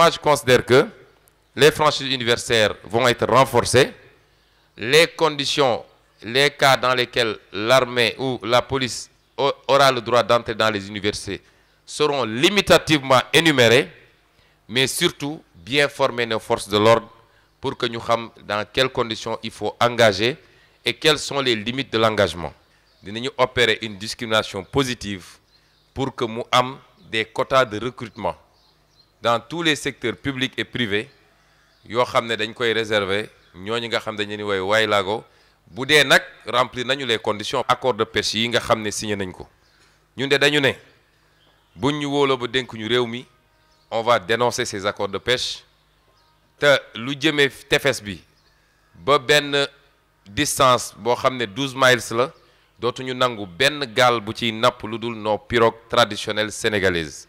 moi je considère que les franchises universitaires vont être renforcées, les conditions, les cas dans lesquels l'armée ou la police aura le droit d'entrer dans les universités seront limitativement énumérés, mais surtout bien former nos forces de l'ordre pour que nous sachions dans quelles conditions il faut engager et quelles sont les limites de l'engagement. Nous opérer une discrimination positive pour que nous ayons des quotas de recrutement dans tous les secteurs publics et privés yo xamné dañ koy réserver ñooñu nga xam ni les conditions accord de pêche yi nga on va dénoncer ces accords de pêche té lu allons bi ba distance bo 12 miles Nous allons nangu une gal bu ci pirogues traditionnelles sénégalaises